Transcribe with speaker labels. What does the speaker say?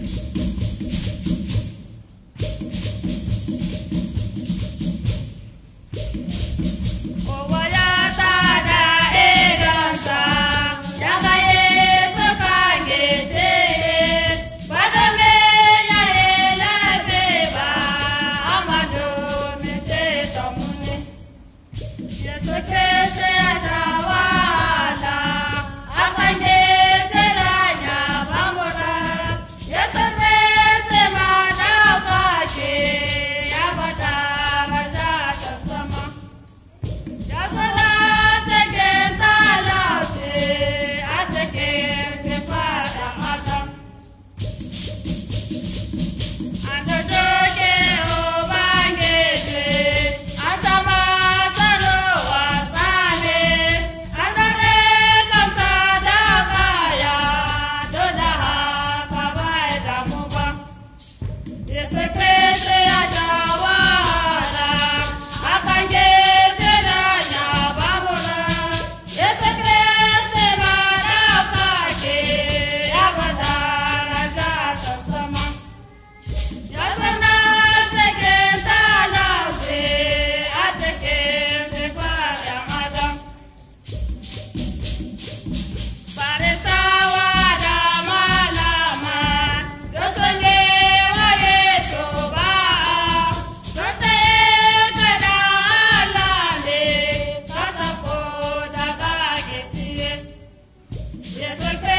Speaker 1: Thank you. Yes, I can.